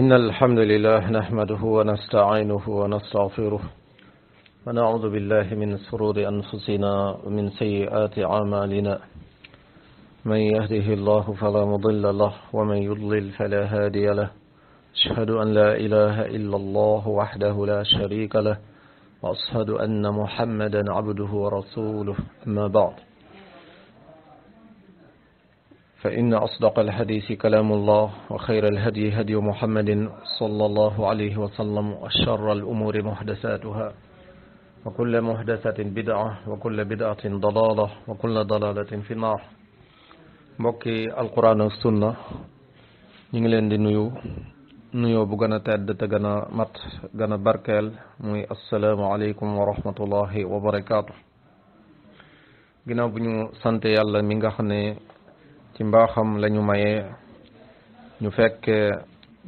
إن الحمد لله نحمده ونستعينه ونستغفره ونعوذ بالله من سرور أنفسنا ومن سيئات أعمالنا من يهده الله فلا مضل له ومن يضلل فلا هادي له أشهد أن لا إله إلا الله وحده لا شريك له وأشهد أن محمدا عبده ورسوله أما بعد فإن أصدق الحديث كلام الله وخير الهدي هدي محمد صلى الله عليه وسلم وشر الأمور محدثاتها وكل محدثة بدعة وكل بدعة ضلالة وكل ضلالة في النار بكي القرآن والسنة نجلين دي نيو نيو بغانا تعد تغانا مات غانا بركال موي السلام عليكم ورحمة الله وبركاته جناب نيو سنتي يالا ميغا خني ci mbaaxam lañu maye ñu fekk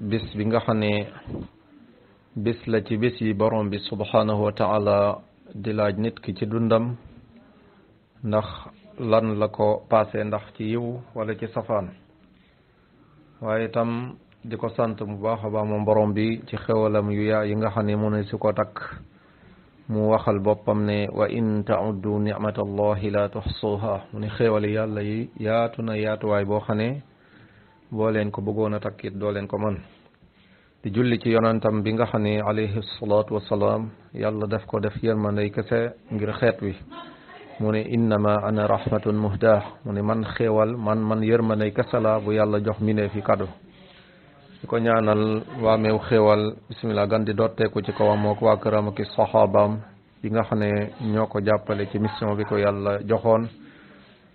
bis bi nga xam ne bis la ci bis yi boroom bi subhanahu wa dilaaj nit ki ci dundam ndax lan la ko paase ndax ci yiw wala ci safaan waaye itam di ko sant bu baax a baax moom borom bi ci xewalam yu yaa yi nga xam ne mu ne si ko takk موخل بابم نے و ان تعدو نعمت اللہ لا تحصوها من خیر والی اللہی یا تو نیا تو آئی بوخنے بولین کو بگونا تکیت دولین کو من دی جلی چی یونان تم بینگا خنے علیہ الصلاة والسلام یا اللہ دف کو دف یر من ریکس ہے گر خیر وی من انما انا رحمت مہدہ من من خیر وال من من یر من ریکس اللہ و یا اللہ جو منے فی قدو di ko ñaanal waa meew xéewal bisimilah gan di dotteeku ci kawam ak waa këram ak saxaabaam yi nga xam ne ñoo ko jàppale ci mission bi ko yàlla joxoon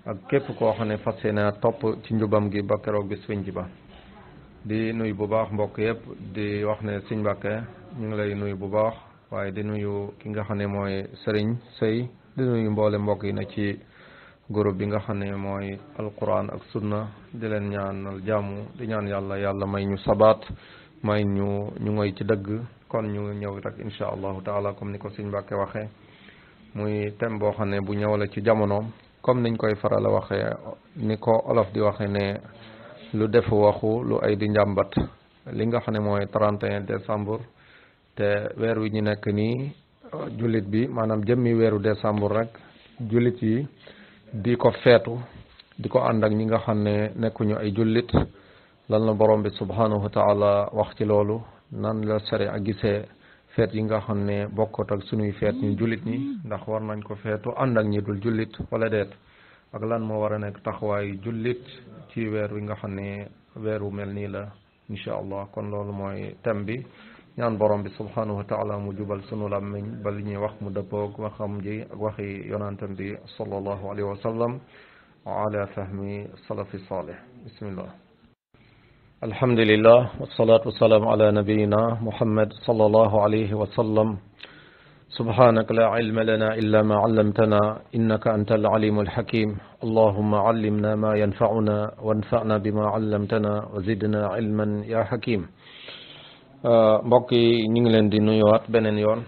ak képp koo xam ne fas naa topp ci njubam gi ba keroog bis fiñ ba di nuyu bu baax mbokk yëpp di wax ne sëñ Mbàkke ñu ngi lay nuyu bu baax waaye di nuyu ki nga xam ne mooy sëriñ sëy di nuyu mboole mbokk yi na ci groupe bi nga xam ne mooy alquran ak sunna di leen ñaanal jàmm di ñaan yàlla yàlla may ñu sabaat may ñu ñu ngoy ci dëgg kon ñu ñëw rek insha allahu taala comme ni ko suñ Mbàkke waxee muy thème boo xam ne bu ñëw ci jamonoom comme niñ koy faral a waxee ni ko olof di waxee ne lu def waxu lu ay di njàmbat li nga xam ne mooy 31 décembre te weer wi ñu nekk nii jullit bi maanaam jëmmi weeru décembre rek jullit yi di ko feetu di ko ànd ak ñi nga xam ne nekkuñu ay jullit lan la borom bi subhanahu wa taala wax ci loolu nan la sare ak gisee feet yi nga xam ne bokkut ak sunuy feet ñu jullit ñi ndax war nañ ko feetu ànd ak ñi dul jullit wala deet ak lan moo war a nekk taxawaay julit ci weer wi nga xam ne weer wu mel nii la incha allah kon loolu mooy thème bi ñaan borom bi subhanahu wa ta'ala mu jubal sunu lam ba li ñuy wax mu dëppoog waxam ji ak waxi yonantam bi sallallahu alayhi wa sallam wa ala fahmi salafi salih bismillah الحمد لله والصلاة والسلام على نبينا محمد صلى الله عليه وسلم سبحانك لا علم لنا إلا ما علمتنا إنك أنت العليم الحكيم اللهم علمنا ما ينفعنا وانفعنا بما علمتنا وزدنا علما يا حكيم Euh, mbokk yi ñu ngi leen di wax beneen yoon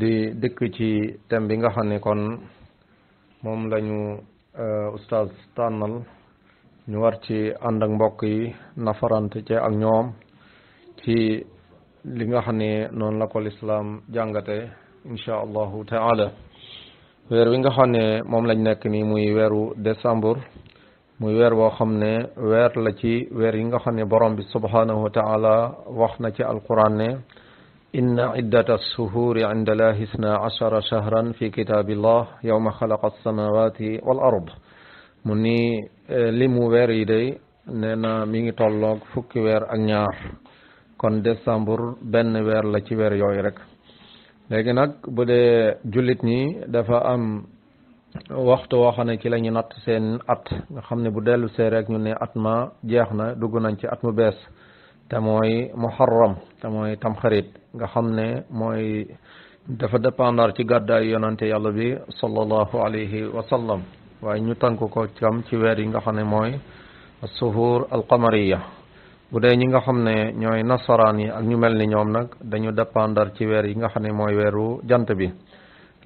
di dëkk ci thème bi nga xam ne kon moom lañu ñu euh, oustaz tànnal ñu war ci ànd ak mbokk yi nafarante ci ak ñoom ci li nga xam ne noonu la ko lislaam jàngate insha allahu taala weer wi nga xam ne moom lañ nekk ni muy weeru décembre موير وخمنا وير لكي وير إنغا خاني برام بي سبحانه وتعالى وخنا كي القرآن إن عدة السهور عند الله اثنا عشر شهرا في كتاب الله يوم خلق السماوات والأرض مني لمو وير إيدي نينا ميني طلوك فك وير أنيار كون ديسمبر بن وير لكي وير يويرك لكنك بدي جلتني دفا أم waxtu woo xam ne ci la ñu natt seen at nga xam ne bu dellu see rek ñu ne at ma jeex na dugg nañ ci at mu bees te mooy muharram te mooy tamxarit nga xam ne mooy dafa dépendre ci gàddaay yonante yàlla bi sallallahu alayhi wa waaye ñu tànk ko cam ci weer yi nga xam ne mooy suhur alqamariya bu dee ñi nga xam ne ñooy nasaraan yi ak ñu mel ni ñoom nag dañu dépendre ci weer yi nga xam ne mooy weeru jant bi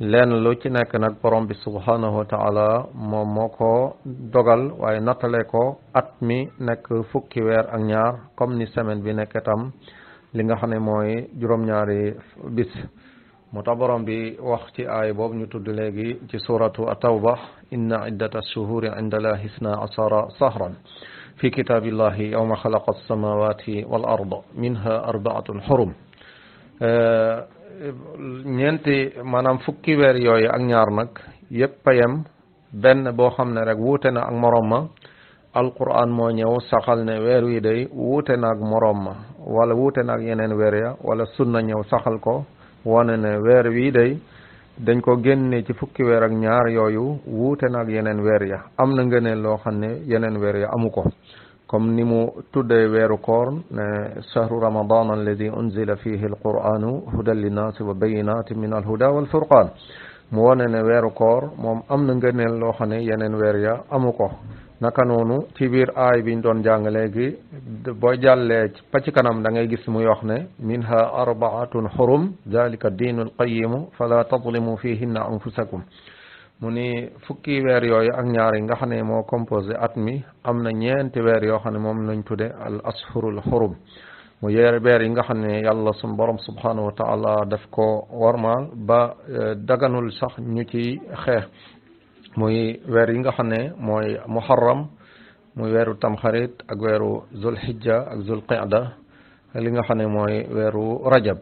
لأن لوجنا كنك برام بسبحانه وتعالى مموكو دوغل واي نتاليكو أتمي نك فوكي وير أنيار كم نسمن بي نكتم لنغا خاني موي جروم نياري بيس متبرم بي وقتي آي بوب نيوتو دليغي جي سورة التوبة إن عدة الشهور عند لا حسنا عصارا صهرا في كتاب الله يوم خلق السماوات والأرض منها أربعة حرم ñeenti maanaam fukki weer yooyu ak ñaar nag yépp a benn boo xam ne rek wuute na ak moroom ma alquran moo ñëw saxal ne weer wi day wuute na ak moroom ma wala wuute na ak yeneen weer ya wala sunna ñëw saxal ko wane ne weer wi day dañ ko génne ci fukki weer ak ñaar yooyu wuute na ak yeneen weer ya am na ngëneel loo xam ne yeneen weer ya amu ko كم نمو تدعي كورن شهر رمضان الذي أنزل فيه القرآن هدى للناس وبينات من الهدى والفرقان موانا ويركور موام أمن نغن اللوحن ينن ويريا أموكو نكنونو تبير آي بين دون جانغلegi بوجال لج بشكنام دنجيس ميوحن منها أربعة حرم ذلك الدين القيم فلا تظلموا فيهن أنفسكم mu ni fukki weer yooyu ak ñaar yi nga xam ne moo composé at mi am na ñeenti weer yoo xam ne moom lañ tudde al ashurul xurum mu yeer weer yi nga xam ne yàlla suñ borom subhanahu wa taala daf ko warmaal ba e, daganul sax ñu ci xeex muy weer yi nga xam ne mooy muharram muy weeru tamxarit ak weeru zulhijja ak zulqaada li nga xam ne mooy weeru rajab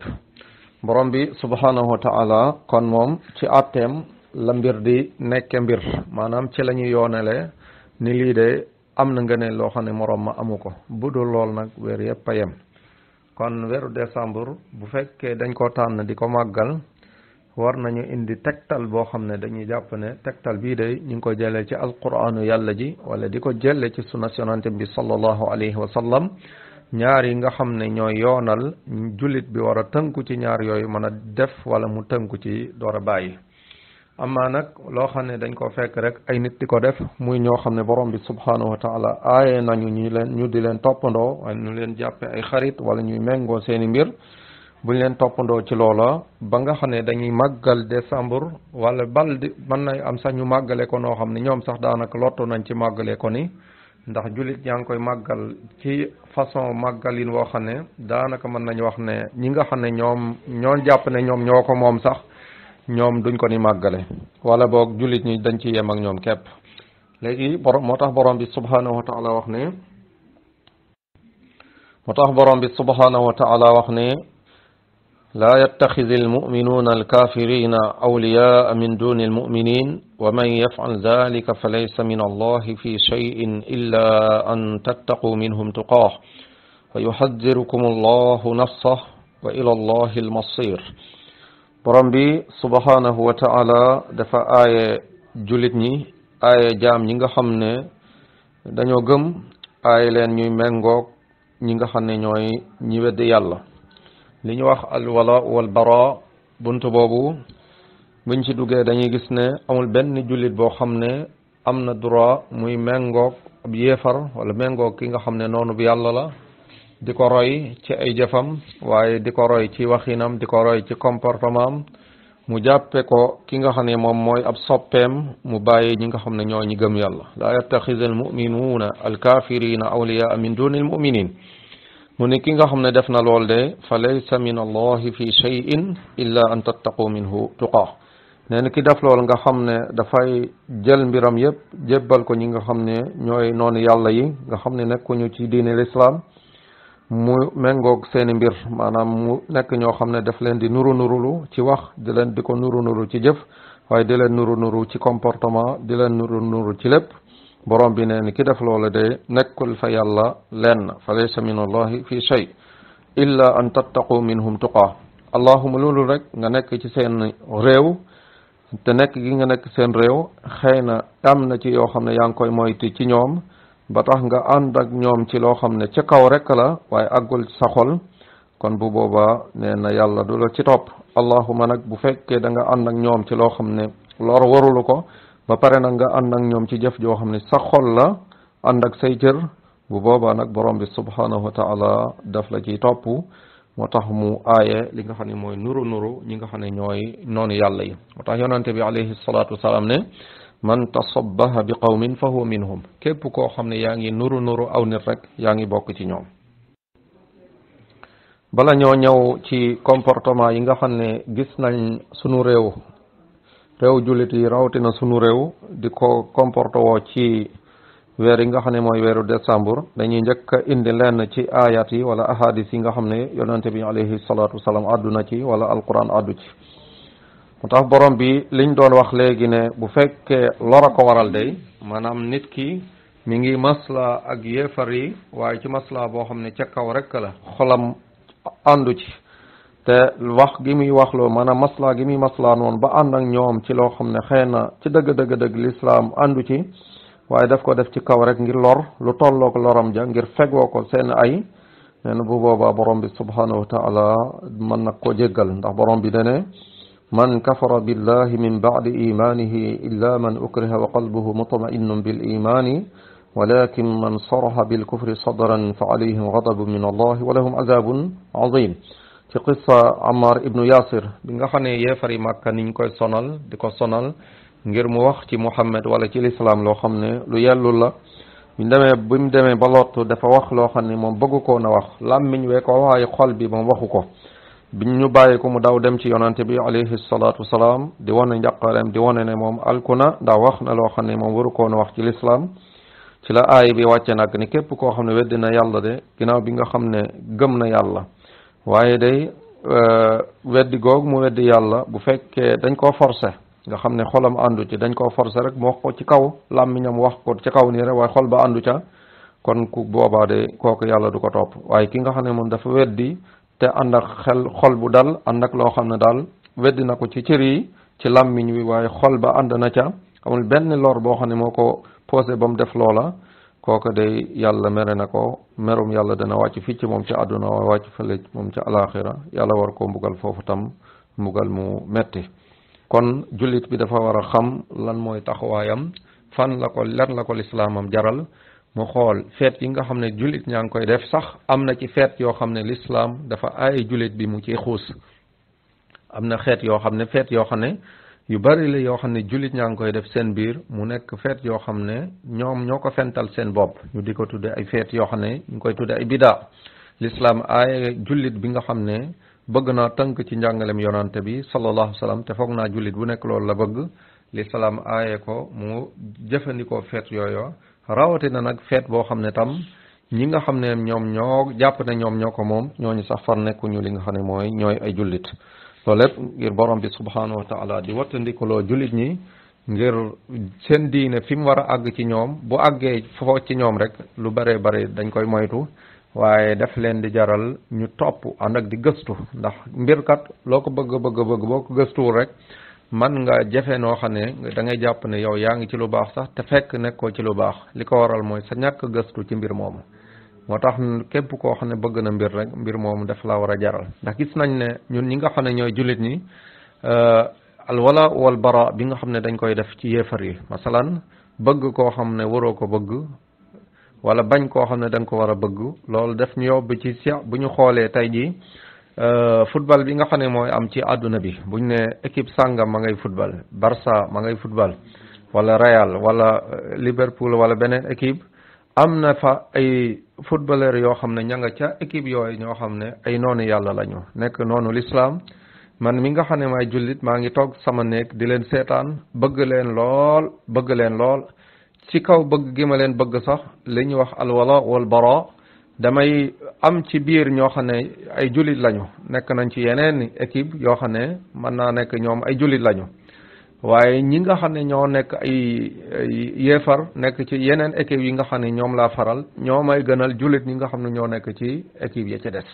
borom bi subhanahu wa kon moom ci atteem la mbir di nekke mbir maanaam ci la ñu yoonale ni lii de am na nga ne loo xam ne moroom ma amu ko bu dul lool nag weer yëpp a yem kon weeru décembre bu fekkee dañ ko tànn di ko màggal war nañu indi tegtal boo xam ne dañuy jàpp ne tegtal bii de ñu ngi ko jële ci alquraanu yàlla ji wala di ko jëlee ci sunna yonent bi sallallahu alayhi wa sallam ñaar yi nga xam ne ñooy yoonal jullit bi war a tënku ci ñaar yooyu mën a def wala mu tënku ci door a bàyyi amma nag loo xam ne dañ ko fekk rek ay nit di ko def muy ñoo xam ne borom bi subhanahu wa taala aaye nañu ñu ñu di leen toppandoo wala ñu leen jàppe ay xarit wala ñuy méngoo seeni mbir buñ leen toppandoo ci loola ba nga xam ne dañuy màggal décembre wala bal mën nay am sax ñu màggale ko noo xam ne ñoom sax daanaka lottu nañ ci màggale ko ni ndax jullit yaa koy màggal ci façon màggalin woo xam ne daanaka mën nañ wax ne ñi nga xam ne ñoom ñoo jàpp ne ñoom ñoo ko moom sax ñom duñ ko ni magalé wala bok julit ñi dañ ci yem ak ñom kep légui motax borom bi subhanahu wa taala wax ne motax borom bi subhanahu wa taala wax ne لا يتخذ المؤمنون الكافرين أولياء من دون المؤمنين ومن يفعل ذلك فليس من الله في شيء إلا أن تتقوا منهم تقاه ويحذركم الله نفسه وإلى الله المصير borom bi subhanahu wa taala dafa aaye julit ñi aaye jaam ñi nga xam ne dañoo gëm aaye leen ñuy mengook ñi nga xam ne ñooy ñi wedd yàlla li ñu wax alwala walbara bunt boobu buñ ci duggee dañuy gis ne amul benn jullit boo xam ne am na droit muy mengook ab yéefar wala mengook ki nga xam ne noonu bi yàlla la diko roy ci ay jëfam waye diko roy ci waxinam diko roy ci comportement mu jàppe ko ki nga xamné mom moy ab soppeem mu bayé ñi nga xamné ñoo ñi gëm yàlla laa yattaxis almuminuuna alkafirina awliyaa min dunil mu'minin mu ne ki nga xamné def na lol de fa laysa min allahi fi shay'in illa an tattaqu minhu tuqa nee ki def lol nga xamné da fay jël mbiram yépp jébal ko ñi nga xamné ñoy non yàlla yi nga xamné nak ko ñu ci diine l'islam mu méngoog seeni mbir maanaam mu nekk ñoo xam ne daf leen di nuru nurulu ci wax di leen di ko nuru nuru ci jëf waaye di leen nuru nuru ci comportement di leen nuru nuru ci lépp borom bi nee ni ki def loola de nekkul fa yàlla lenn fa laysa min allahi fi shay illa an tattaqu minhum tuqaa allahuma loolu rek nga nekk ci seen réew te nekk gi nga nekk seen réew xëy na am na ci yoo xam ne yaa ngi koy moytu ci ñoom ba tax nga ànd ak ñoom ci loo xam ne ci kaw rek la waaye àggul sa xol kon bu boobaa nee na yàlla du la ci topp allahuma nag bu fekkee da nga ànd ak ñoom ci loo xam ne lor warulu ko ba pare nag nga ànd ak ñoom ci jëf joo xam ne sa la ànd ak say cër bu boobaa nag borom bi subhanahu wa taala daf la ciy topp moo tax mu aaye li nga xam ne mooy nuru nuru ñi nga xam ne ñooy noonu yàlla yi moo tax yonante bi alayhi salaatu wasalaam ne man tasabbaha bi qawmin fa huwa minhum képp koo xam ne yaa ngi nuru nuru aw nit rek yaa ngi bokk ci ñoom bala ñoo ñëw ci comportement yi nga xam ne gis nañ sunu réew réew jullit yi rawatina sunu réew di ko comporte woo ci weer yi nga xam ne mooy weeru décembre dañuy njëkk a indi lenn ci ayat yi wala ahadis yi nga xam ne yonente bi alayhi salaatu wasalaam àddu na ci wala alquran addu ci mu tax borom bi liñ doon wax léegi ne bu fekke fekkee a ko waral day maanaam nit ki mi ngi masla ak yéefar yi waaye ci masla boo xam ne ca kaw rek la xolam àndu ci te wax gi muy wax waxloo maanaam masla gi muy masla noonu ba ànd ak ñoom ci loo xam ne xëy na ci dëgg dëgg dëgg lislaam àndu ci waaye def ko def ci kaw rek ngir lor lu tolloo ko loram ja ngir fegoo ko seen ay nee bu boobaa borom bi subhanahu wa taala mën na ko jéggal ndax borom bi dene من كفر بالله من بعد إيمانه إلا من أكره وقلبه مطمئن بالإيمان ولكن من صرح بالكفر صدرا فعليهم غضب من الله ولهم عذاب عظيم في قصة عمار ابن ياسر بن خاني يفر مكة نينكو سونال ديكو سونال غير موخت محمد ولا تي الإسلام لو خمني لو يالو الله من دمي بم دمي بلوتو لو خاني مو بغوكو نوخ لام من ويكو وهاي قلبي مو وخوكو biñ ñu bàyyi ko mu daw dem ci yonante bi alayhi salaatu wasalaam di wane njàqareem di wane ne moom alkuna ndax wax na loo xam ne moom waru koon wax ci lislaam ci la aay bi wàcce nag ne képp koo xam ne weddi na yàlla de ginnaaw bi nga xam ne gëm na yàlla waaye day euh, weddi googu mu weddi yàlla bu fekkee dañ koo forcé nga xam ne xolam àndu ci dañ koo forcé rek mu wax ko ci kaw làmmiñam wax ko ci kaw nii rek waaye xol ba àndu ca kon ku boobaa de kooku yàlla du ko topp te ànd ak xel xol bu dal ànd ak loo xam ne daal weddi na ko ci cër yi ci làmmiñ wi waaye xol ba ànd na ca amul benn lor boo xam ne moo ko posé ba mu def loola kooka day yàlla mere na ko merum yàlla dana wàcc fii ci moom ci àdduna waaye wàcc fële moom ci alaxira yàlla war koo mbugal foofu tam mbugal mu metti kon julit bi dafa war a xam lan mooy taxawaayam fan la ko lan la ko lislaamam jaral mu xool feet yi nga xam ne jullit ñaa ngi koy def sax am na ci feet yoo xam ne lislaam dafa ay jullit bi mu ciy xuus am na xeet yoo xam ne feet yoo xam ne yu bari la yoo xam ne jullit ñaa ngi koy def seen biir mu nekk feet yoo xam ne ñoom ñoo ko fental seen bopp ñu di ko tudde ay feet yoo xam ne ñu koy tudde ay bidaa lislaam ay jullit bi nga xam ne bëgg naa tënk ci njàngalem yonante bi sallallahu alayhi wa te foog naa jullit bu nekk loolu la bëgg lislaam aaye ko mu jëfandikoo feet yooyu rawatina nag feet boo xam ne tam ñi nga xam ne ñoom ñoo jàpp ne ñoom ñoo ko moom ñooñu sax far nekkuñu li nga xam ne mooy ñooy ay jullit loolu lépp ngir borom bi subhanahu wa taala di wattandikuloo jullit ñi ngir seen diine fi mu war a àgg ci ñoom bu àggee foo ci ñoom rek lu bare bare dañ koy moytu waaye daf leen di jaral ñu topp ànd ak di gëstu ndax mbir loo ko bëgg bëgg bëgg boo ko gëstuwul rek man nga jafe noo xam ne dangay jàpp ne yow yaa ngi ci lu baax sax te fekk nekkoo ci lu baax li ko waral mooy sa ñàkk gëstu ci mbir moomu moo tax képp koo xam ne bëgg na mbir rek mbir moomu daf laa war a jaral ndax gis nañ ne ñun ñi nga xam ne ñooy jullit ñi euh, al wala wal bara bi nga xam ne dañ koy def ci yéefar yi masalaan bëgg koo xam ne waroo ko bëgg walla bañ koo xam ne danga ko war a bëgg loolu def ñu yóbbu ci si bu ñu xoolee tey jii Euh, football bi nga xam ne mooy am ci àdduna bi buñ nee équipe sàngam ma ngay football Barça ma ngay football wala Real wala euh, Liverpool wala beneen équipe am na fa ay footballeur yoo xam ne ña nga ca équipe yooyu ñoo xam ne ay noonu yàlla lañu nekk noonu lislaam man mi nga xam ne maay jullit maa ngi toog sama néeg di leen seetaan bëgg leen lool bëgg leen lool ci kaw bëgg gi ma leen bëgg sax li ñu wax alwala wal bara damay am ci biir ñoo xam ne ay jullit lañu nekk nañ ci yeneen équipe yoo xam ne mën naa nekk ñoom ay jullit lañu waaye ñi nga xam ne ñoo nekk ay yéefar nekk ci yeneen équipe yi nga xam ne ñoom laa faral ñoo ay gënal jullit ñi nga xam ne ñoo nekk ci équipe ya ci des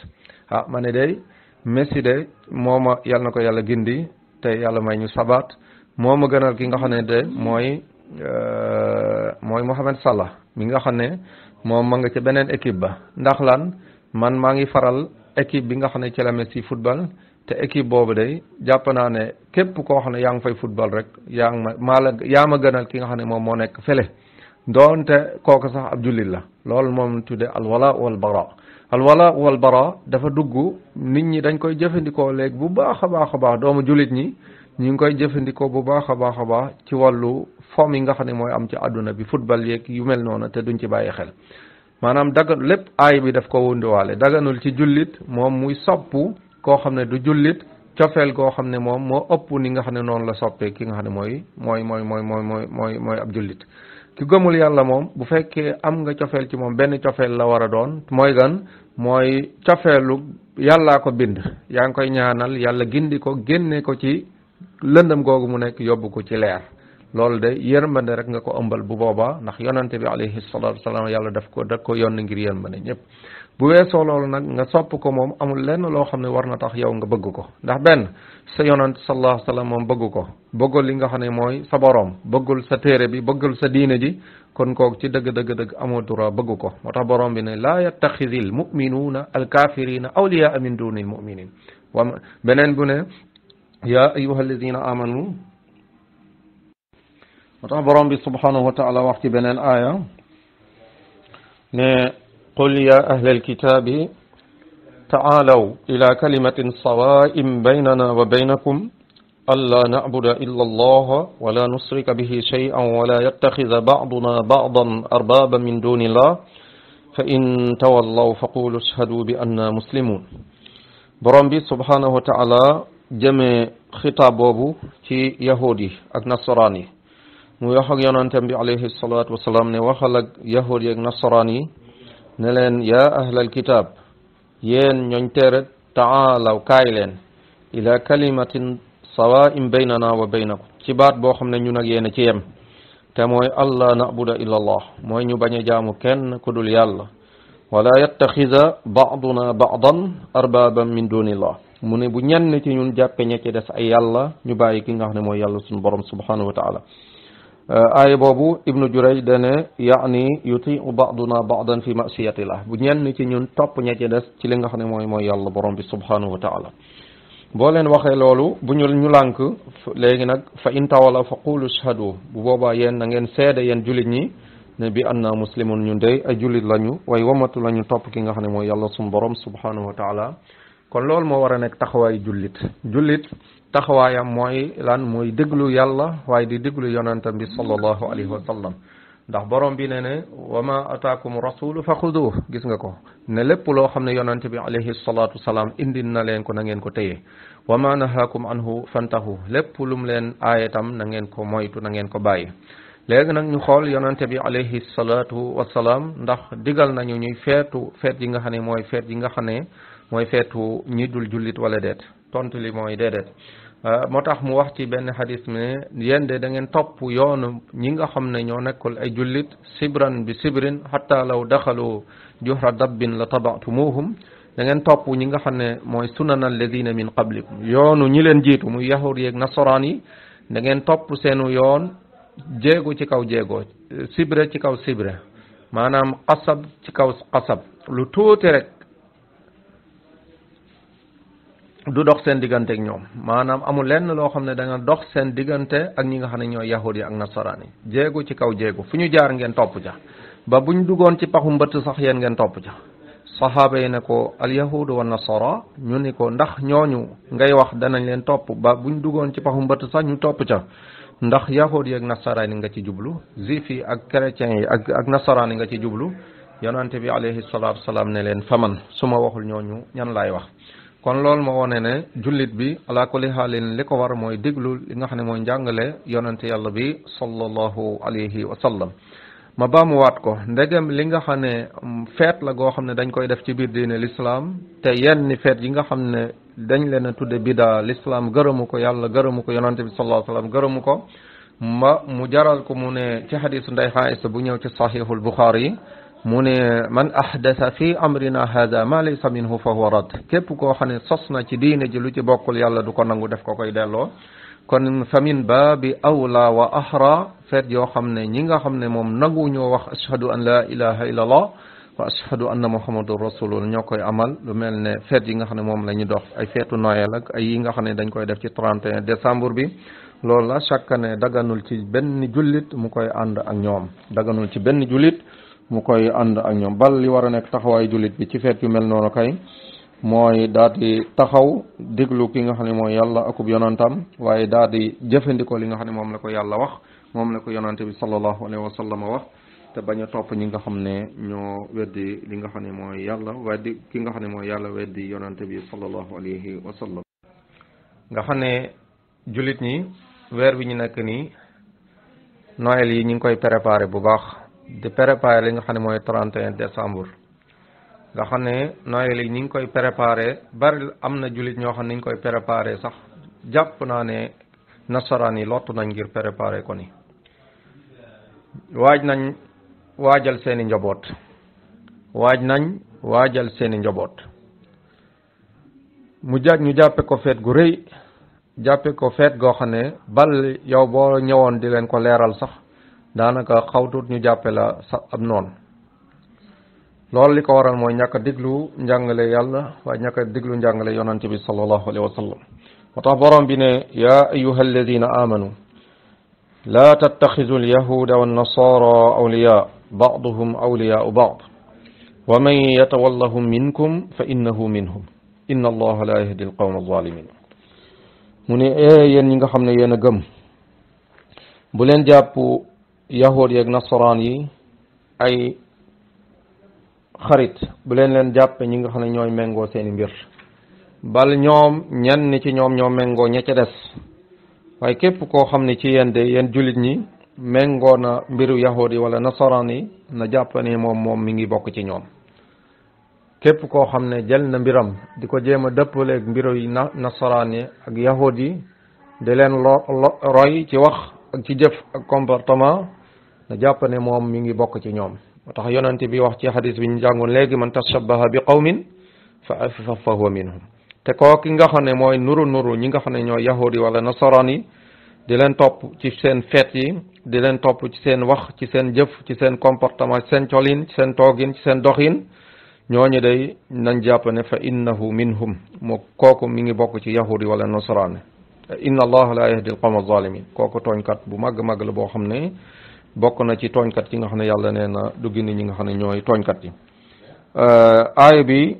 ah ma ne day Messi de mooma yàlla na ko yàlla gindi te yàlla may ñu sabaat mooma gënal ki nga xam ne de mooy euh, mooy Salah mi nga xam ne moom ma nga ci beneen équipe ba ndax lan man maa ngi faral équipe bi nga xam ne ci la Messi football te équipe boobu day jàpp naa ne képp koo xam ne yaa ngi fay football rek yaa ngi ma maa la yaa ma gënal ki nga xam ne moom moo nekk fële doonte kooku sax ab jullit la loolu moom tudde alwala wal bara alwala wal bara dafa dugg nit ñi dañ koy jëfandikoo léegi bu baax a baax a baax doomu jullit ñi ñu ngi koy jëfandikoo bu baax a baax a baax ci wàllu forme yi nga xam ne mooy am ci àdduna bi football yeeg yu mel noonu te duñ ci bàyyi xel maanaam daga lépp aay bi daf ko wundiwaale daganul ci jullit moom muy sopp koo xam ne du jullit cofeel koo xam ne moom moo ëpp ni nga xam ne noonu la soppee ki nga xam ne mooy mooy mooy mooy mooy mooy mooy mooy ab jullit ki gëmul yàlla moom bu fekkee am nga cofeel ci moom benn cofeel la war a doon mooy gan mooy cofeelu yàllaa ko bind yaa ngi koy ñaanal yàlla gindi ko génne ko ci lëndëm googu mu nekk yóbbu ko ci leer loolu de yërmande rek nga ko ëmbal bu booba ndax yonante bi alayhi salaatu wasalaam yàlla daf ko daf ko yónni ngir yërmande ñëpp bu weesoo loolu nag nga sopp ko moom amul lenn loo xam ne war na tax yow nga bëggu ko ndax benn sa yonante sallallahu alayhi wasallam moom bëgg ko bëggul li nga xam ne mooy sa boroom bëggul sa téere bi bëggul sa diina ji kon kook ci dëgg dëgg dëgg amoo droit bëgg ko moo tax borom bi ne laa yattaxidil muminuuna alkafirina awliyaa min duni almuminin wa beneen bu ne yaa ayuha tax borom bi subhanahu wa taala wax ci beneen aaya ne qul ya ahla alkitabi taalaw ila kalimatin sawaa'in baynana wa baynakum ألا نعبد إلا الله ولا نشرك به شيئا ولا يتخذ بعضنا بعضا أربابا من دون الله فإن تولوا فقولوا اشهدوا بأننا مسلمون borom bi subhanahu wa taala jëme xitaab boobu ci yahudi ak nasaraan yi ويحق ينتم عليه الصلاة والسلام نوخلق يهود يك نصراني نلن يا أهل الكتاب ين ننتر تعالوا كايلن إلى كلمة سواء بيننا وبينكم تبات بوخم ننجونا جينا تيم تموي الله نعبد إلا الله موين نبني جامو كن كدول يالا ولا يتخذ بعضنا بعضا أربابا من دون الله من بنيان نتي نجاب كنيا كدس أي الله نبايكي نحن موي يالا سنبرم سبحانه وتعالى Eh, aaya boobu ibnu Juray dane yaani yutiu baaduna baadan fi la bu ñenn ci ñun topp ñe ci des ci li nga xam ne mooy mooy yàlla borom bi subhanahu wa taala boo leen waxee loolu bu ñu ñu lànk léegi nag fa in tawala fa qulu ashhadu bu boobaa yéen na ngeen seede yen julit ñi ne bi anna muslimun ñu dey ay jullit lañu way wamatu lañu topp ki nga xam ne mooy yàlla suñu borom subhanahu wa taala kon loolu moo war a nekk taxawaayu jullit julit taxawaayam mooy lan mooy déglu yàlla waaye di déglu yonantam bi sallallahu alayhi wa ndax borom bi ne ne wa ma ataakum rasulu fa xuduh gis nga ko ne lépp loo xam ne yonante bi alayhi salatu wasalaam indil na leen ko nangeen ko téye wa ma nahaakum anhu fantahu lépp lum leen aayatam na ngeen ko moytu na ngeen ko bàyyi léegi nag ñu xool yonante bi alayhi salatu wasalaam ndax digal nañu ñuy feetu feet yi nga xam ne mooy feet yi nga xam ne mooy feetu ñi dul jullit wala déet tontu li mooy déedéet Euh, moo tax mu wax ci benn xadis mi ne yéen da ngeen topp yoonu ñi nga xam ne ñoo nekkul ay jullit sibran bi sibrin xatta law daxalu juhra dabbin la tabatumuhum da ngeen topp ñi nga xam ne mooy sunan alladina min qablikum yoonu ñi leen jiitu muy yahud yeeg nasaraan yi da ngeen topp seenu yoon jéego ci kaw jéego sibre ci kaw sibre maanaam xasab ci kaw xasab lu tuuti rek du dox seen diggante ak ñoom maanaam amul lenn loo xam ne da dox seen diggante ak ñi nga xam ne ñooy yahud yi ak nasaraan yi jéego ci kaw jéego fu ñu jaar ngeen topp ja ba buñ duggoon ci paxu mbëtt sax yéen ngeen topp ja saxaaba yi ne ko al yahudu wa nasara ñu ni ko ndax ñooñu ngay wax danañ leen topp ba bu ñu duggoon ci paxu mbëtt sax ñu topp ca ndax yahud yi ak nasaraan yi nga ci jublu juif yi ak chrétiens yi ak ak nasaraan yi nga ci jublu yonante bi alayhi salaatu wasalaam ne leen faman su ma waxul ñooñu ñan laay wax kon loolu moo wone ne jullit bi ala kulli xaalin li ko war mooy déglu li nga xam ne mooy njàngale yonente yàlla bi sallallahu alayhi wa sallam ma baamuwaat ko ndegem li nga xam ne mm, feet la goo xam ne dañ koy def ci biir diine lislaam te yenn feet yi nga xam ne dañ leen a tudde bidaa lislaam gërëmu ko yàlla gërëmu ko yonente bi sallallahu alayhi gërëmu ko mba mu jaral ko mu ne ci xadisu nday xaayisa bu ñëw ci saxiixul buxaari yi mu ne man ahdasa fi amrina hada ma laysa minhu fa huwa rad képp koo xam ne sos na ci diine ji lu ci bokkul yàlla du ko nangu def ko koy delloo kon famin baabi awla wa ahra feet yoo xam ne ñi nga xam ne moom nangu ñoo wax ashhadu an la ilaha illa allah wa ashhadu anna muhammadur rasulullah ñoo koy amal lu mel ne feet yi nga xam ne moom la ñu dox ay feetu noël ak ay yi nga xam ne dañ koy def ci 31 décembre bi loolu la chaque daganul ci benn jullit mu koy ànd ak ñoom mu koy ànd ak ñoom bal li war a nekk taxawaayu jullit bi ci feet yu mel noonu kay mooy daal di taxaw déglu ki nga xam ne mooy yàlla akub yonantam waaye daal di jëfandikoo li nga xam ne moom la ko yàlla wax moom la ko yonante bi sallallahu alayhi wa sallam wax te bañ a topp ñi nga xam ne ñoo weddi li nga xam ne mooy yàlla di ki nga xam ne mooy yàlla weddi yonante bi sallallahu alayhi wa sallam nga xam ne jullit ñi weer bi ñu nekk nii Noël yi ñu ngi koy préparé bu baax di préparer li nga xam ne mooy 31 décembre nga xam ne Noël yi ni ñu koy préparer bari am na jullit ñoo xam ne ni ñu koy préparer sax jàpp naa ne nasaraan yi lottu nañ ngir préparer ko ni waaj nañ waajal seeni njaboot waaj nañ waajal seeni njaboot mu jaaj ñu jàppe ko feet gu rëy jàppe ko feet goo xam ne bal yow boo ñëwoon di leen ko leeral sax ka xawtut ñu jàppe la sa ab noon loolu li ko waral mooy ñàkk diglu njàngale yàlla waaye ñàkk diglu njàngale yonante bi salallahu alayhi wa sallam moo tax borom bi ne ya ayuha alladina amanu la awliya awliya bad تتخذوا اليهود والنصارى أولياء بعضهم أولياء بعض ومن يتولهم منكم فإنه منهم إن الله لا يهدي القوم الظالمين من أين ينغا خمنا gëm bu بولن جابو yahood yeeg nasaraan yi ay xarit bu leen leen jàppe ñi nga xam ne ñooy méngoo seeni mbir bal ñoom ñenn ci ñoom ñoo méngoo ña ca des waaye képp koo xam ne ci yéen de yéen jullit ñi méngoo na mbiru yahood yi wala nasaraan yi na jàpp moom moom mi ngi bokk ci ñoom képp koo xam ne jël na mbiram di ko jéem a dëppaleeg mbiru yi na nasaraan yi ak yahood yi di leen lo roy ci wax ak ci jëf ak comportement nga jàpp ne moom mi ngi bokk ci ñoom moo tax yonante bi wax ci xadis bi ñu jàngoon léegi man tashabbaha bi qawmin fa fa huwa minhum te koo ki nga xam ne mooy nuru nuru ñi nga xam ne ñooy yahudi wala nasaraan yi di leen topp ci seen feet yi di leen topp ci seen wax ci seen jëf ci seen comportement ci seen colin ci seen toogin ci seen doxin ñooñu day nañ jàpp ne fa innahu minhum moo kooku mi ngi bokk ci yahudi wala nasaraan inna allah la yahdi alqawma alzalimin kooku tooñkat bu màgg màgg la boo xam ne bokk na ci tooñkat yi nga xam ne yàlla nee na du gindi ñi nga xam ne ñooy tooñkat yi euh, aaya bi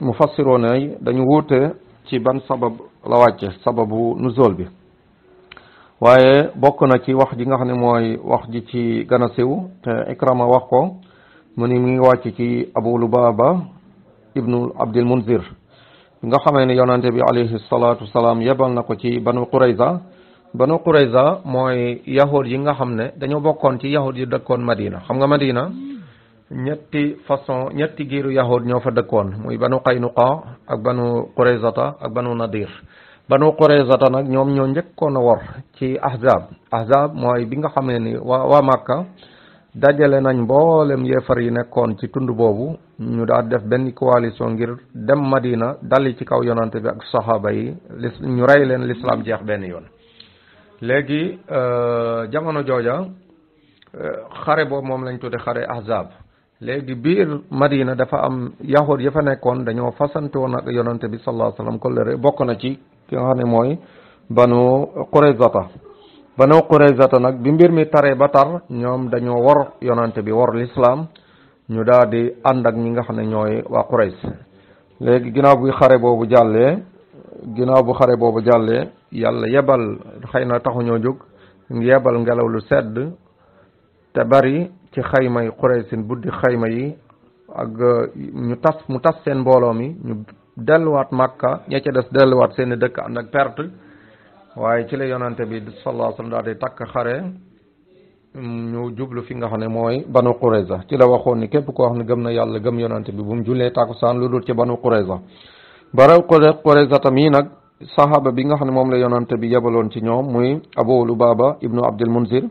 mu fassiroo ne dañu wuute ci ban sabab la wàcce sababu nuzul bi waaye bokk na ci wax ji nga xam ne mooy wax ji ci gën a siw te Ikrama wax ko mu ni mi ngi wàcc ci Abu Lubaaba ibnu Abdil Munzir nga xamee ne yonante bi alayhi salaatu salaam yebal na ko ci banu Qurayza banu Qurayza mooy yahood yi nga xam ne dañoo bokkoon ci yahood yu dëkkoon Madina xam nga Madina ñetti façon ñetti giiru yahood ñoo fa dëkkoon muy banu Qaynuqa ak banu Qurayzata ak banu Nadir banu Qurayzata nag ñoom ñoo njëkkoon a wor ci ahzab ahzab mooy bi nga xamee ni waa waa dajale nañ mboolem yéefar yi nekkoon ci tund boobu ñu daal def benn coalition ngir dem Madina dali ci kaw yonante bi ak saxaaba yi ñu rey leen lislaam jeex benn yoon léegi euh, jamono jooja euh, xare boobu moom lañ tudde xare ahzab léegi biir Madina dafa am yahud ya fa nekkoon dañoo fasante woon yonante bi sallallahu alayhi wasallam bokk na ci ki nga xam ne mooy banu Quraysata banu Quraysata nag bi mbir mi taree ba tar ñoom dañoo war yonante bi wor lislaam ñu daal di ànd ak ñi nga xam ne ñooy waa Quraysh léegi ginnaaw bi xare boobu jàllee ginaaw bu xare boobu jàllee yàlla yebal xëy na taxuñoo jóg yebal ngelaw lu sedd te bari ci xayma yi Quraysin buddi xayma yi ak ñu tas mu tas seen mbooloo mi ñu delluwaat Makka ña ca def delluwaat seen dëkk ànd ak perte ci la bi sallallahu alayhi wasallam takk xare ñu jublu fi nga xam ne mooy banu Qurayza ci la waxoon ni képp koo xam ne gëm na yàlla gëm yonante bi bu mu julee tàkkusaan lu dul ci banu Qurayza baraw qore qoresata mii nag sahaba bi nga xam ne moom la yonante bi yebaloon ci ñoom muy abu lubaaba ibnu abdil munzir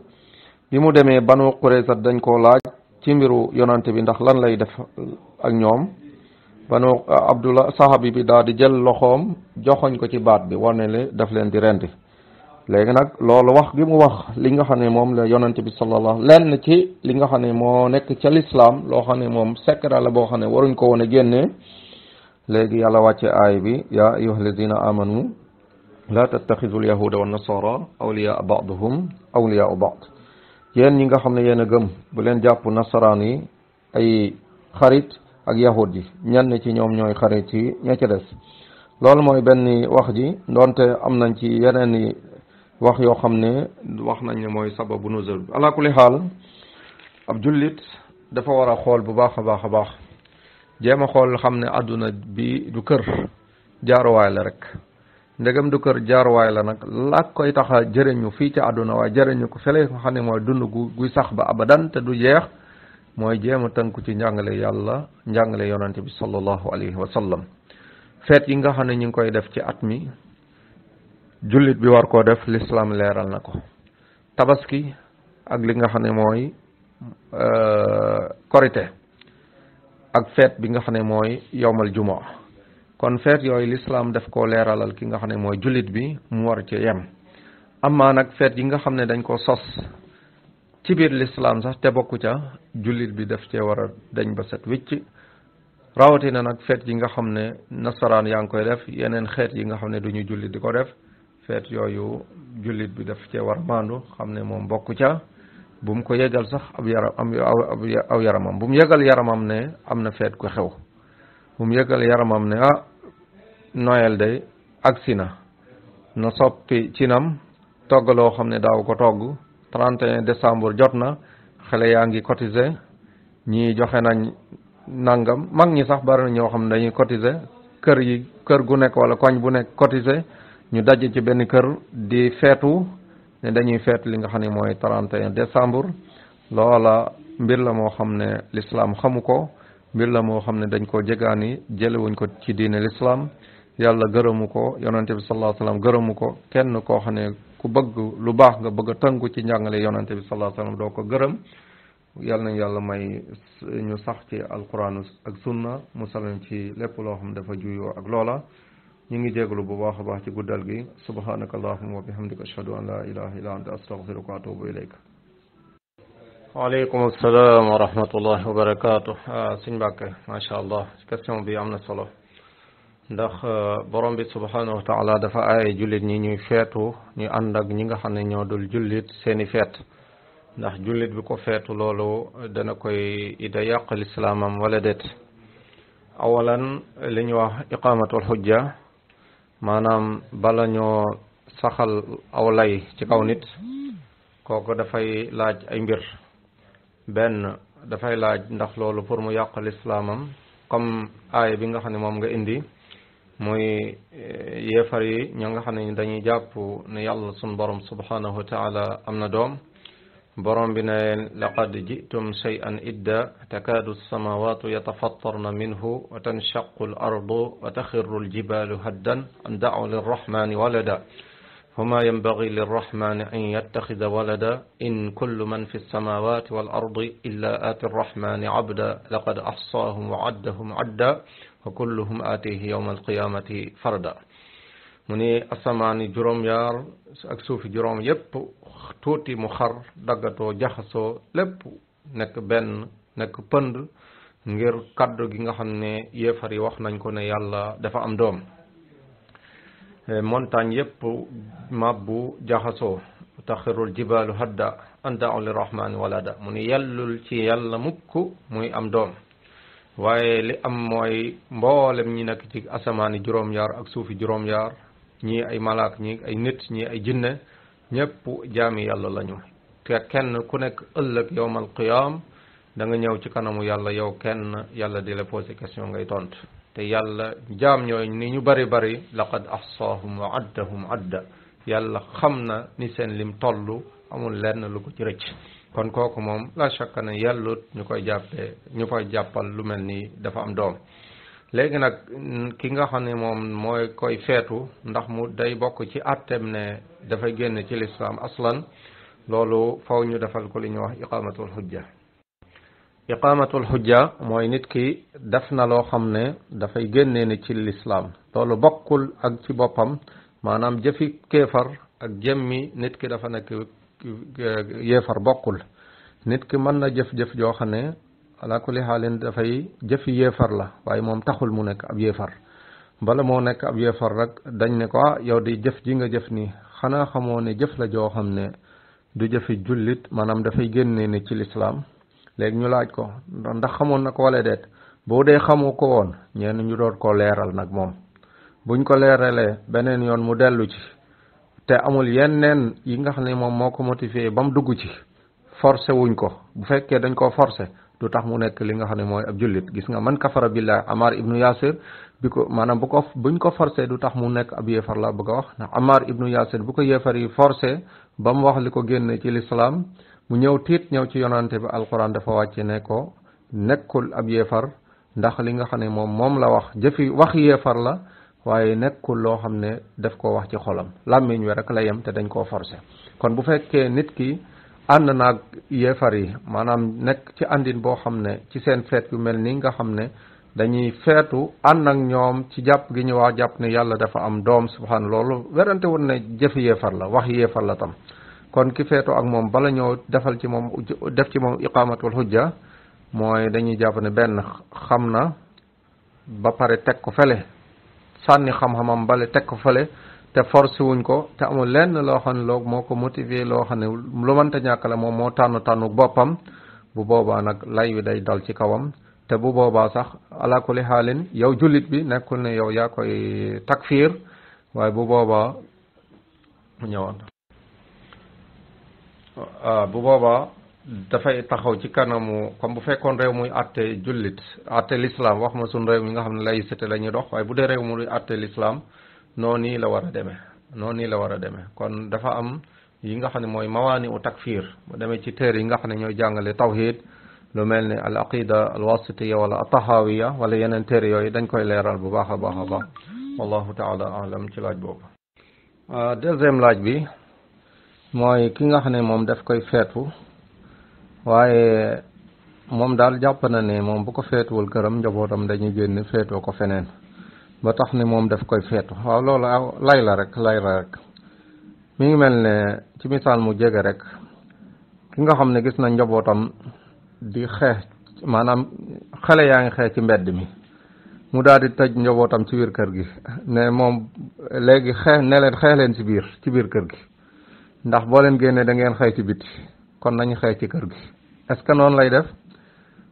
bi mu demee banu quresat dañ koo laaj ci mbiru yonante bi ndax lan lay def ak ñoom banu eh, abdullah sahabi bi daal di jël loxoom joxoñ ko ci baat bi wane le def leen di rendi léegi nag loolu wax gi mu wax li nga xam ne moom la yonante bi sallallahu lenn ci li nga xam ne moo nekk ca lislaam loo xam ne moom secret la boo xam ne waruñ ko woon a génnee léegi yàlla wàcce aay bi yaa ayuha alladina amanu la tattaxidu alyahuda wa nasara awliyaa baaduhum awliyaa baad yéen ñi nga xam ne yéen a gëm bu leen jàpp nasaraan yi ay xarit ak yahud yi ñenn ci ñoom ñooy xarit yi ña des loolu mooy benn wax ji doonte am nañ ci yeneen wax yoo xam ne wax nañ ne mooy sababu nuzul bi ala kulli xaal ab jullit dafa war a xool bu baax a baax a baax jéem a xool xam ne àdduna bi du kër jaaruwaay la rek ndegam du kër jaaruwaay la nag laa koy tax a jëriñu fii ci àdduna waaye jëriñu ko fële nga xam ne mooy dund gu guy sax ba abadan te du jeex mooy jéem a tënku ci njàngale yàlla njàngale yonante bi sallallahu alayhi wa sallam feet yi nga xam ne ñu ngi koy def ci at mi jullit bi war koo def lislaam leeral na ko tabaski ak li nga xam ne mooy euh, korite ak feet bi nga xam ne mooy yowmal juma kon feet yooyu lislaam daf koo leeralal ki nga xam ne mooy jullit bi mu war ci yem amaa nag feet yi nga xam ne dañ ko sos ci biir lislaam sax te bokk ca jullit bi daf cee war a dañ ba set wicc rawatina nag feet yi nga xam ne nasaraan yaa ngi koy def yeneen xeet yi nga xam ne duñu jullit di ko def feet yooyu jullit bi daf cee war a maandu xam ne moom bokku ca bu mu ko yëgal sax ab yaram am aw yaramam bu mu yëgal yaramam ne am na feet ko xew bu mu yëgal yaramam ne ah noyel day agsi na na soppi cinam togg loo xam ne daaw ko togg 31 décembre jot na xale yaa ngi cotisé ñii joxe nañ nangam mag ñi sax bari na ñoo xam ne dañuy cotiser kër yi kër gu nekk wala koñ bu nekk cotiser ñu daj ci benn kër di feetu ne dañuy feet li nga xam ne mooy 31 décembre loola mbir la moo xam ne lislaam xamu ko mbir la moo xam ne dañ koo jegaani jëlewuñ ko ci diine lislaam yàlla gërëmu ko yonante bi sallallahu alayhi gërëmu ko kenn koo xam ne ku bëgg lu baax nga bëgg a tënku ci njàngale yonante bi sallallahu alayhi doo ko gërëm yàlla nañ yàlla may ñu sax ci alquran ak sunna musalan ci lépp loo xam ne dafa juyoo ak loola ñu ngi jégalu bu baax a baax ci guddal gi subhanaka allahumma wa bihamdika ashhadu an la ilaha illa anta astaghfiruka wa atubu ilayk waaleykum asalaam wa rahmatullah wa barakaatu suñ mbàkke macha allah question bi am na solo ndax borom bi subhanahu wa taala dafa aaye jullit ñi ñuy feetu ñu ànd ak ñi nga xam ne ñoo dul jullit seeni feet ndax jullit bi ko feetu loolu dana koy ida yàq lislaamam wala déet awalan li ñu wax iqamatul xujja maanaam balañoo ñoo saxal aw ci kaw nit kooku dafay laaj ay mbir benn dafay laaj ndax loolu pour mu yàq lislaamam comme aay bi nga xam ne moom nga indi muy eh, yeefar yi ñoo nga xam ne dañuy jàpp ne yàlla sun borom subhanahu wa taala am na doom برام بناين لقد جئتم شيئا إدا تكاد السماوات يتفطرن منه وتنشق الأرض وتخر الجبال هدا أن دعوا للرحمن ولدا فما ينبغي للرحمن أن يتخذ ولدا إن كل من في السماوات والأرض إلا اتي الرحمن عبدا لقد أحصاهم وعدهم عدا وكلهم آتيه يوم القيامة فردا mu ni asamaani juróom-yaar ak suufi juróom yépp tuuti mu xar daggatoo jaxasoo lépp nekk benn nekk pënd ngir kàddu gi nga xam ne yéefar yi wax nañ ko ne yàlla dafa am doom e, montagne yépp mabbu jaxasoo taxirul jibaalu hadda an daaw li rahmaani walada mu ni yellul ci yàlla mukk muy am doom waaye li am mooy mboolem ñi nekk ci asamaani juróom-yaar ak suufi juróom-yaar ñii ay malaak ñii ay nit ñii ay jinne ñëpp jaami yàlla lañu te kenn ku nekk ëllëg yowmal qiyaam da nga ñëw ci kanamu yàlla yow kenn yàlla di la posé question ngay tontu te yàlla jaam ñooy ni ñu bari bari laqad ahsaahum wa addahum adda yàlla xam na ni seen lim toll amul lenn lu ko ci rëcc kon kooku moom la shakka ne yellut ñu koy jàppee ñu koy jàppal lu mel nii dafa am doom léegi nag ki nga xam ne moom mooy koy feetu ndax mu day bokk ci àtteem ne dafay génn ci lislaam aslan loolu faw ñu defal ko li ñuy wax iqamatul xujja iqamatul xujja mooy nit ki def na loo xam ne dafay génnee ni ci lislaam loolu bokkul ak ci boppam maanaam jëfi kéefar ak jëmmi nit ki dafa nekk eh, yéefar bokkul nit ki mën na jëf-jëf joo xam ne ala kulli xaalin dafay jëfi yéefar la waaye moom taxul mu nekk ab yéefar bala moo nekk ab yéefar rek dañ ne ko ah yow di jëf ji nga jëf ni xanaa xamoo ne jëf la joo xam ne du jëfi jullit maanaam dafay génne ne ci lislaam léegi ñu laaj ko ndax xamoon na ko wala deet boo dee xamoo ko woon ñeen ñu door koo leeral nag moom buñ ko leeralee beneen yoon mu dellu ci te amul yeneen yi nga xam ne moom moo ko motivé ba mu dugg ci forcé wuñ ko bu fekkee dañ koo forcé du tax mu nekk li nga xam ne mooy ab jullit gis nga man kafara billah amar ibnu yasir bi ko maanaam bu ko buñ ko forcé du tax mu nekk ab yéefar la bëgg a wax ndax amaar ibnu yasir bu ko yéefar yi forcé ba mu wax li ko génne ci lislaam mu ñëw tiit ñëw ci yonante bi alquran dafa wàcce ne ko nekkul ab yéefar ndax li nga xam ne moom moom la wax jëfi wax yéefar la waaye nekkul loo xam ne daf ko wax ci xolam làmmiñ wi rek la yem te dañ koo forcé kon ànd naag yéefar yi maanaam nekk ci àndin boo xam ne ci seen feet yu mel nii nga xam ne dañuy feetu ànd ak ñoom ci jàpp gi ñu wax jàpp ne yàlla dafa am doom subhaan loolu werante woon ne jëf yéefar la wax yéefar la tam kon ki feetu ak moom bala ñoo defal ci moom def ci moom iqaamatul hujja mooy dañuy jàpp ne benn xam na ba pare teg ko fele sànni xam-xamam bale teg ko fele te force wuñ ko te amul lenn loo xam ne moo ko motiver loo xam ne lu mënta ñàkk la moom moo tànnu tànnu boppam bu boobaa nag lay wi day dal ci kawam te bu boobaa sax ala kulli xaalin yow jullit bi nekkul ne yow yaa koy takfiir waaye bu boobaa ñëwoon ah, bu boobaa dafay taxaw ci kanamu comme bu fekkoon réew muy àtte jullit àtte lislaam wax ma suñ réew mi nga xam ne laïcité la ñuy dox waaye bu dee réew muy àtte lislaam noonu nii la war a demee noonu nii la war a demee kon dafa am yi nga xam ne mooy mawaani u takfir bu demee ci téere yi nga xam ne ñooy jàngale tawhid lu mel ni al aqida al wasitiya wala atahawiya wala yeneen téere yooyu dañ koy leeral bu baax a baax a baax wallahu taala alam ci laaj boobu euh, deuxième laaj bi mooy ki nga xam ne moom daf koy feetu waaye moom daal jàpp na ne moom bu ko feetuwul këram njabootam dañuy génn feetoo ko feneen ba tax ne moom daf koy feetu waaw loolu aw lay la rek lay la rek mi ngi mel ne ci misaal mu jege rek ki nga xam ne gis na njabootam di xeex maanaam xale yaa ngi xeex ci mbedd mi mu daal di tëj njabootam ci biir kër gi ne moom léegi xeex ne leen xeex leen ci biir ci biir kër gi ndax boo leen génnee dangeen ngeen xëy ci biti kon nañu xëy ci kër gi est-ce noonu lay def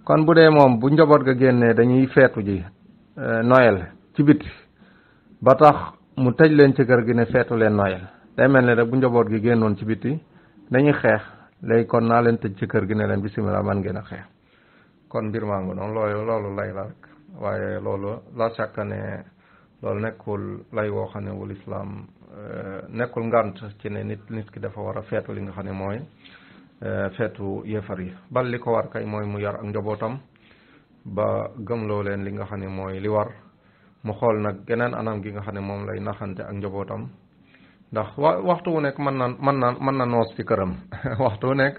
kon bu dee moom bu njaboot ga génnee dañuy feetu ji euh, Noël ci biti ba tax mu tëj leen ci kër gi ne feetu leen noyal day mel ne rek bu njaboot gi génnoon ci biti dañuy xeex léegi kon naa leen tëj ci kër gi ne leen bisimilah man ngeen a xeex kon mbir maa ngi noonu loolu loolu lay la rek waaye loolu la sàkk ne loolu nekkul lay woo xam ne wul islaam euh, nekkul ngànt ci ne nit nit ki dafa war a feetu li nga xam ne mooy euh, feetu yéefar yi bal li ko war kay mooy mu yar ak njabootam ba gëmloo leen li nga xam ne mooy li war mu xool nag geneen anam gi nga xam ne moom lay naxante ak njabootam ndax wa waxtu wu nekk mën na mën na mën na noos ci këram waxtu wu nekk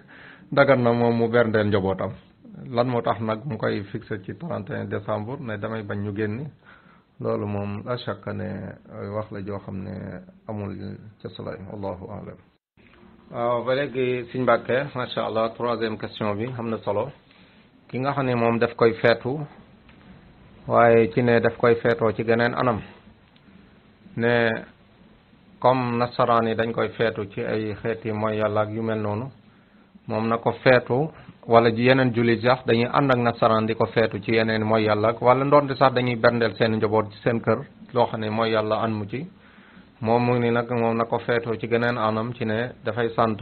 dagan na moom mu berndeel njobootam lan moo tax nag mu koy fixé ci 31 décembre ne damay bañ ñu génni loolu moom la shakka ne wax la joo xam ne amul ca salay waaw ba léegi siñ Mbàkke macha allah troisième question bi xam na solo ki nga xam ne moom daf koy feetu waaye ci ne daf koy feetoo ci geneen anam ne comme nasaraan yi dañ koy feetu ci ay xeeti mooy yàlla yu mel noonu moom na ko feetu wala yeneen jullit sax dañuy ànd ak nasaraan di ko feetu ci yeneen mooy yàlla ak wala ndoonte sax dañuy berndeel seen njaboot ci seen kër loo xam ne mooy yàlla an mu ci moom mu ni nag moom na ko feetoo ci geneen anam ci ne dafay sant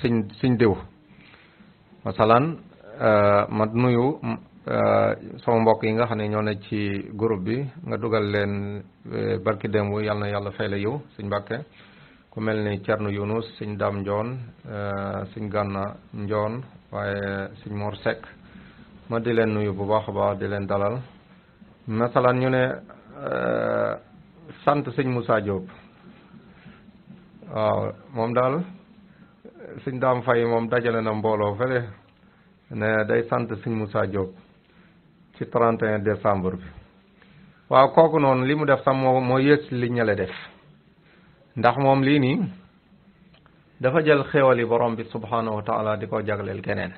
siñ siñ diw masalan euh, ma nuyu sama mbokk yi nga xam ne ñoo ne ci group bi nga dugal leen eh, barki démb yàlla yàlla fay la yow sëñ Mbàkke ku mel ni Thierno Younus sëñ Dame Ndione eh, sëñ Gànna njoon waaye sëñ Mor Seck ma di leen nuyu bu baax a baax di leen dalal masalan ñu ne eh, sant sëñ Moussa Diop waaw moom daal sëñ Dame Faye moom dajale na mbooloo fële ne day sant sëñ Moussa Diop ci 31 décembre bi waaw kooku noonu li mu def sax moo moo yées li ñële def ndax moom lii nii dafa jël xéewal yi boroom bi subhanahu wa di ko jagleel keneen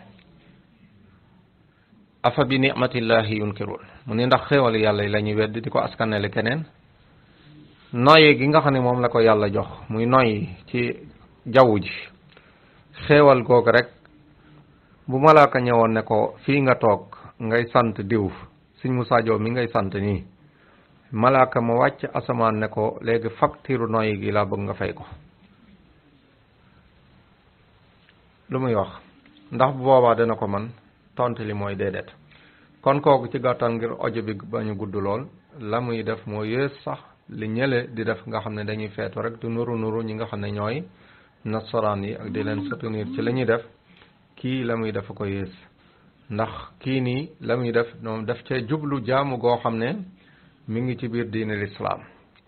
afa bi nicmatillahi yunkirun mu ni ndax xéewal yàlla yi la ñuy wedd di ko askanele keneen noyyi gi nga xam ne moom la ko yàlla jox muy noyyi ci jaww ji xéewal googu rek bu malaaka ñëwoon ne ko fii nga toog ngay sant diw sëñ mu Diop mi ngay sant nii malaaka ma wàcc asamaan ne ko léegi facture noyyi gi laa bëgg nga fay ko lu muy wax ndax bu boobaa dana ko man tontu li mooy déedéet kon kooku ci gàttal ngir ojo bi ba ñu gudd lool la muy def moo yées sax li ñële di def nga xam ne dañuy feetu rek du nuru nuru ñi nga xam ne ñooy nasaraan yi ak di leen soutenir ci la ñuy def kii la muy def ko yées ndax kii nii la muy def moom def cee jublu jaamu goo xam ne mu ngi ci biir diine lislaam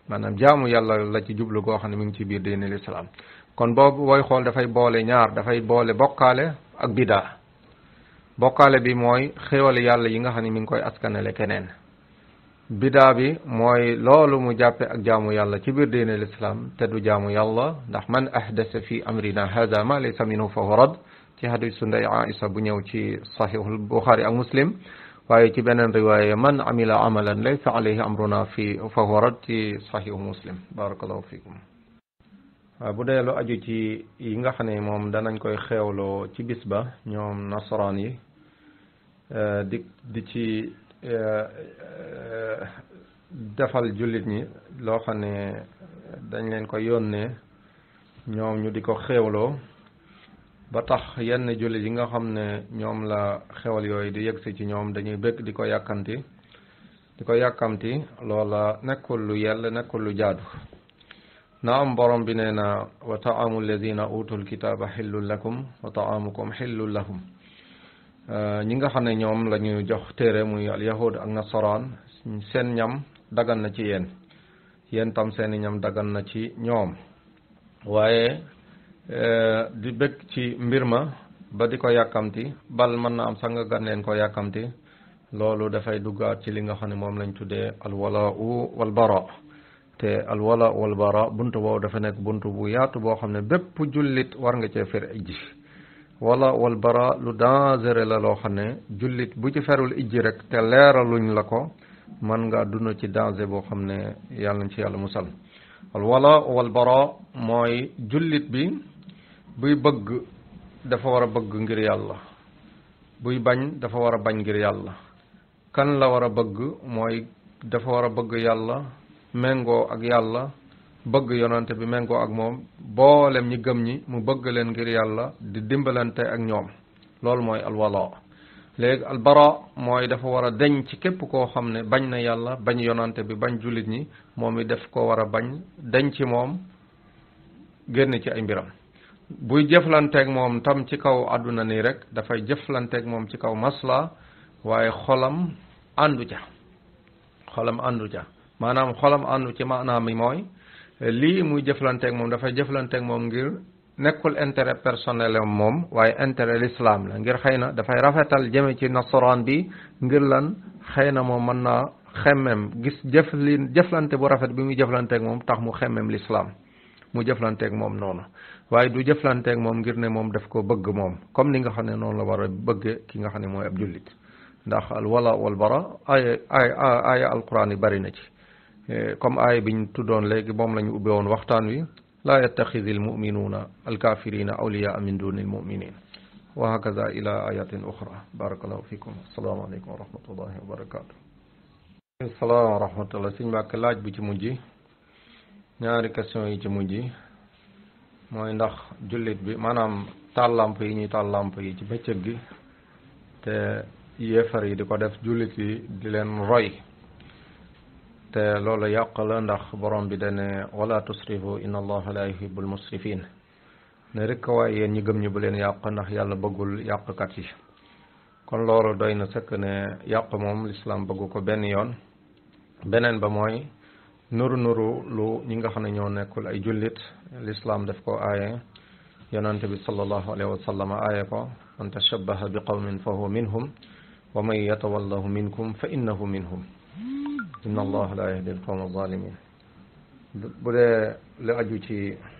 maanaam jaamu yàlla la ci jublu goo xam ne mu ngi ci biir diine lislaam kon boobu booy xool dafay boole ñaar dafay boole bokkaale ak bidaa bokkaale bi mooy xéewal yàlla yi nga xam ne mi ngi koy askanale keneen biddaa bi mooy loolu mu jàppe ak jaamu yàlla ci biir diine lislaam te du jaamu yàlla ndax man ahdasa fi amrina hada ma laysa fa huwa ci hadisu nday Aïsa bu ñëw ci sahihul Buxaari ak Muslim waaye ci beneen riwaaya man amila amalan laysa alayhi amruna fi fa huwa rad ci sahihu Muslim barakallahu fikum waaw bu dee lu aju ci yi nga xam ne moom danañ koy xeewloo ci bis ba ñoom nasaraan yi eh, di ci eh, eh, defal julit ñi loo xam ne dañ leen ko yónnee ñoom ñu di ko xeewloo ba tax yenn jullit yi nga xam ne ñoom la xewal yooyu di yegsi ci ñoom dañuy bëgg di ko yàkkamti di ko yàkkamti loola nekkul lu yell nekkul lu jaadu am borom bi nee na wa taamu alladina utul kitaaba xillun lakum wa taamukum xillun lahum euh, ñi nga xam ne ñoom lañuy jox téere muy al yahud ak nasaraan seen ñam dagan na ci yéen yéen tam seeni ñam dagan na ci ñoom waaye di bëgg ci mbir ma ba di ko yàkkamti bal mën na am sax nga gan leen ko yàkkamti loolu dafay duggaat ci li nga xam ne moom lañ tuddee alwala u walbara te alwala u walbara buntu boobu dafa nekk bunt bu yaatu boo xam ne bépp jullit war nga cee fer ijji wala walbara lu dangereux la loo xam ne jullit bu ci ferul ijji rek te leeraluñ la ko mën nga dund ci danger boo xam ne yàlla nañ ci yàlla musal alwala u mooy jullit bi buy bëgg dafa war a bëgg ngir yàlla buy bañ dafa war a bañ ngir yàlla kan la war a bëgg mooy dafa war a bëgg yàlla méngoo ak yàlla bëgg yonante bi méngoo ak moom boolem ñi gëm ñi mu bëgg leen ngir yàlla di dimbalante ak ñoom loolu mooy alwala léegi albara mooy dafa war a deñ ci képp koo xam ne bañ na yàlla bañ yonante bi bañ jullit ñi moom it daf ko war a bañ deñ ci moom génn ci ay mbiram buy jëflanteeg moom tam ci kaw àdduna nii rek dafay jëflanteeg moom ci kaw masla waaye xolam àndu ca xolam àndu ca maanaam xolam àndu ci maanaam mi mooy lii muy jëflanteek moom dafay jëflanteek moom ngir nekkul intérêt personnel moom waaye intérêt l'islam la ngir xëy na dafay rafetal jëme ci nasaraan bi ngir lan xëy na moom mën naa xemmem gis jëf li jëflante bu rafet bi muy jëflanteek moom tax mu xemmem l'islam mu jëflanteek moom noonu waye du jëflanté ak mom ngir ne mom daf ko bëgg mom comme ni nga xamné non la wara bëgg ki nga xamné moy abdulit ndax al wala wal bara ay ay ay al qur'an bari na ci comme ay biñ tudon légui mom lañu ubbe won waxtan wi la laa mu'minuna al kafirina awliyaa min duni mu'minin wa hakaza ila ayatin ukhra barakallahu fikum assalamu alaykum wa rahmatullahi wa barakatu salaam wa rahmatullah sëñ Mbàkke laaj bu ci mujj ñaari question yi ci mujj mooy ndax jullit bi maanaam làmp yi ñuy làmp yi ci bëccëg gi te yéefar yi di ko def jullit yi di leen roy te loolu yàq la ndax borom bi dane wala tusrifu inna allaha la yuhibbul musrifin ne rek waaye yéen ñi gëm ñi bu leen yàq ndax yàlla bëggul yàqkat yi kon loolu doy na sëkk ne yàq moom lislaam bëggu ko benn yoon beneen ba mooy nuru nuru lu ñi nga xam ne ñoo nekkul ay jullit lislaam daf ko aaye yonante bi sallallahu alayhi wa sallam aaye ko man tashabbaha bi qawmin fa huwa minhum wa man yatawallahu minkum fa innahu minhum inna allaha la yahdi alqawma alzalimin bu dee li aju ci